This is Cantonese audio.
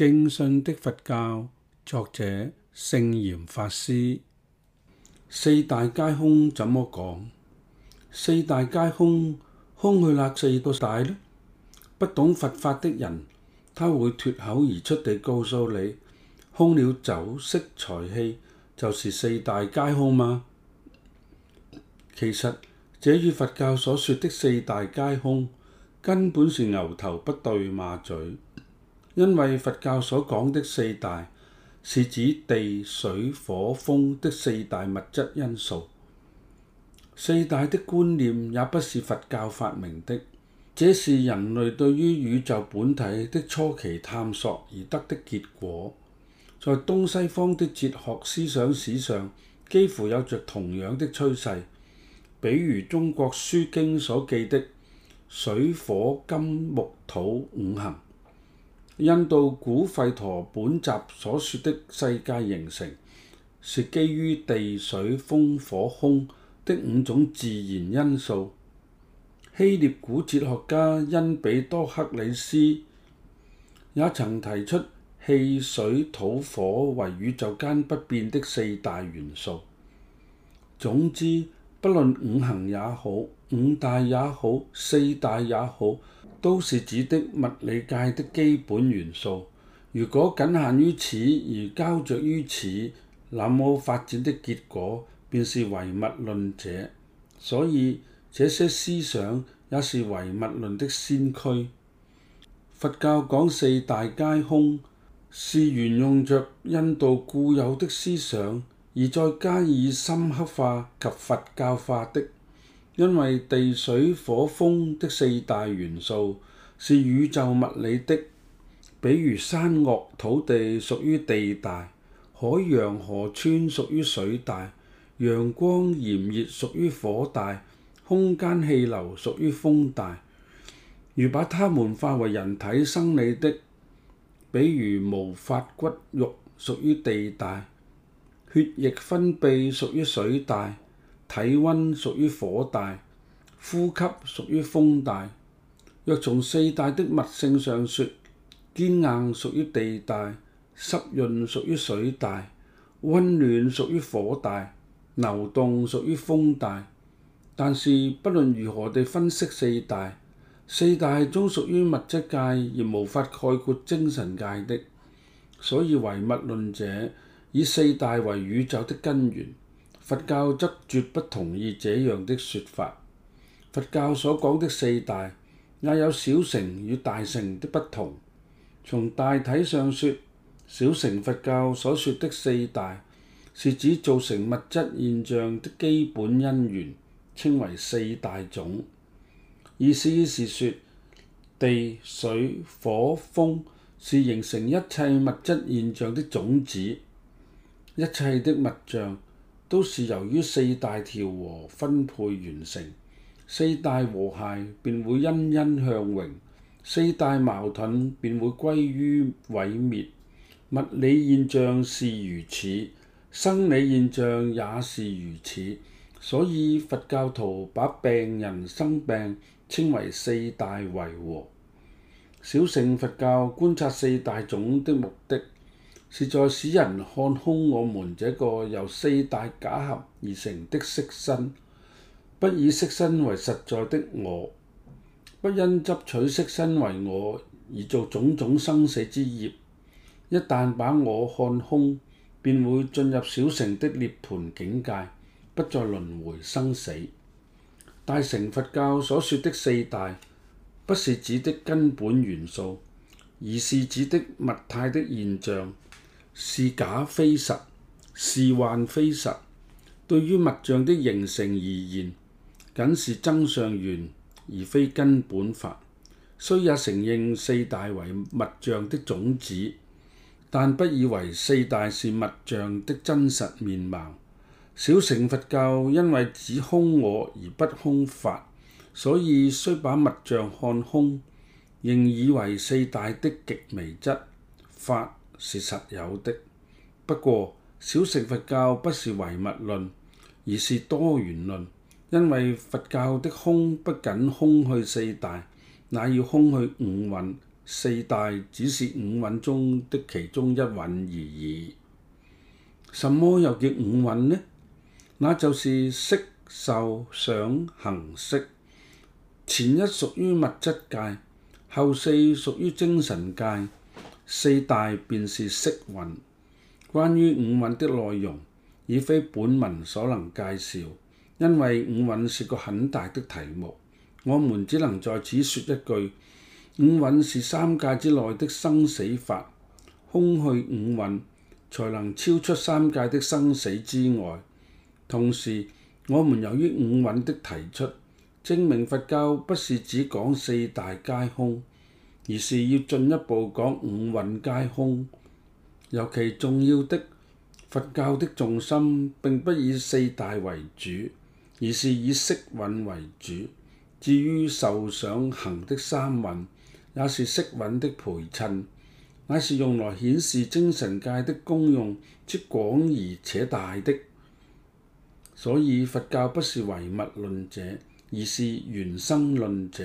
正信的佛教，作者聖嚴法師：四大皆空，怎麼講？四大皆空，空去哪四個大呢？不懂佛法的人，他會脫口而出地告訴你：空了酒色財氣，就是四大皆空嗎？其實，這與佛教所說的四大皆空，根本是牛頭不對馬嘴。因為佛教所講的四大是指地水火風的四大物質因素，四大的觀念也不是佛教發明的，這是人類對於宇宙本體的初期探索而得的結果，在東西方的哲學思想史上幾乎有着同樣的趨勢，比如中國《書經》所記的水火金木土五行。印度古吠陀本集所說的世界形成，是基於地、水、風、火、空的五種自然因素。希臘古哲學家恩比多克里斯也曾提出氣、水、土、火為宇宙間不變的四大元素。總之，不論五行也好，五大也好，四大也好，都是指的物理界的基本元素。如果僅限於此而交着於此，那麼發展的結果便是唯物論者。所以這些思想也是唯物論的先驅。佛教講四大皆空，是沿用着印度固有的思想，而再加以深刻化及佛教化的。因為地水火風的四大元素是宇宙物理的，比如山岳土地屬於地大，海洋河川屬於水大，陽光炎熱屬於火大，空間氣流屬於風大。如把它們化為人體生理的，比如毛髮骨肉屬於地大，血液分泌屬於水大。體溫屬於火大，呼吸屬於風大。若從四大的物性上説，堅硬屬於地大，濕潤屬於水大，温暖屬於火大，流動屬於風大。但是，不論如何地分析四大，四大中屬於物質界而無法概括精神界的。所以，唯物論者以四大為宇宙的根源。佛教則絕不同意這樣的說法。佛教所講的四大也有小乘與大乘的不同。從大體上說，小乘佛教所說的四大是指造成物質現象的基本因緣，稱為四大種。意思是說，地水火風是形成一切物質現象的種子，一切的物象。都是由於四大調和分配完成，四大和諧便會欣欣向榮，四大矛盾便會歸於毀滅。物理現象是如此，生理現象也是如此。所以佛教徒把病人生病稱為四大違和。小乘佛教觀察四大種的目的，是在使人看空我們這個由四大假合而成的色身，不以色身為實在的我，不因執取色身為我而做種種生死之業。一旦把我看空，便會進入小乘的涅槃境界，不再輪回生死。大乘佛教所說的四大，不是指的根本元素，而是指的物態的現象。是假非實，是幻非實。對於物像的形成而言，僅是增上緣，而非根本法。雖也承認四大為物像的種子，但不以為四大是物像的真實面貌。小乘佛教因為只空我而不空法，所以雖把物像看空，仍以為四大的極微質法。是實有的，不過小乘佛教不是唯物論，而是多元論。因為佛教的空不僅空去四大，那要空去五蘊。四大只是五蘊中的其中一蘊而已。什麼又叫五蘊呢？那就是色、受、想、行、識。前一屬於物質界，後四屬於精神界。四大便是色蘊。關於五蘊的內容，已非本文所能介紹，因為五蘊是個很大的題目。我們只能在此說一句：五蘊是三界之內的生死法，空去五蘊，才能超出三界的生死之外。同時，我們由於五蘊的提出，證明佛教不是只講四大皆空。而是要進一步講五蘊皆空，尤其重要的，佛教的重心並不以四大為主，而是以色蘊為主。至於受想行的三蘊，也是色蘊的陪襯，乃是用來顯示精神界的功用，即廣而且大的。所以佛教不是唯物論者，而是原生論者。